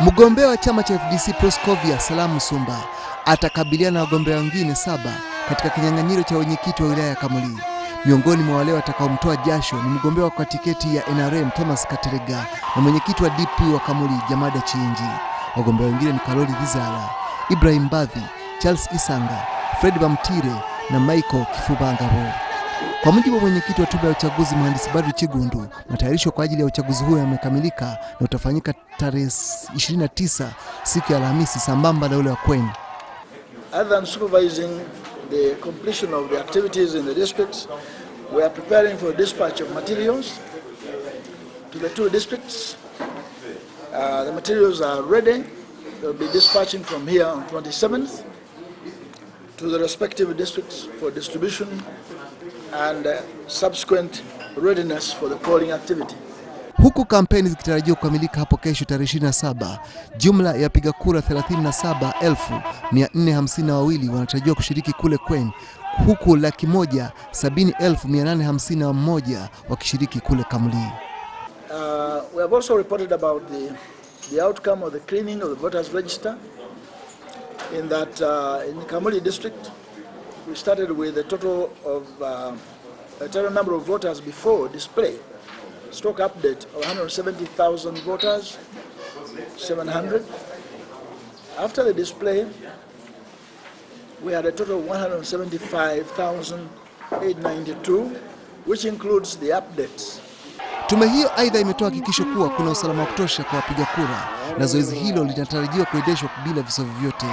Mgombea wa chama cha FDC Proscovia Salamu Sumba atakabiliana na wagombea wengine saba katika kinyang'anyiro cha wenyekiti wa wilaya ya Kamuli. Miongoni mwa wale watakaomtoa jasho ni mgombea kwa tiketi ya NRM Thomas Katerega na mwenyekiti wa DP wa Kamuli Jamada chinji Wagombea wengine ni Karoli Vizala, Ibrahim Badhi, Charles Isanga, Fred Bamtire na Michael Kifubangabo. Kwa mujibu wa mwenyekiti wa tume ya uchaguzi mhandisi Badru Chigundu, matayarisho kwa ajili ya uchaguzi huo yamekamilika na utafanyika tarehe 29 siku ya Alhamisi sambamba na ule wa kweni Other than supervising the completion of the activities in the districts, we are preparing for dispatch of materials to the two districts. Uh, the materials are ready. be dispatching from here on 27th to the respective districts for distribution and uh, subsequent readiness for the polling activity. Huku kampeni zikitarajiwa kukamilika hapo kesho tarehe 27, jumla ya piga kura 37,452 wanatarajiwa kushiriki kule Kwen, huku laki moja 70,851 wakishiriki kule Kamlii. Uh, we have also reported about the, the outcome of the cleaning of the voters register in that uh, in Kamuli district we started with a total of uh, a total number of voters before display. Stock update of 170,000 voters, 700. After the display, we had a total of 175,892, which includes the updates. Tume hiyo aidha imetoa hakikisho kuwa kuna usalama wa kutosha kwa wapiga kura na zoezi hilo linatarajiwa kuendeshwa bila visovi vyote.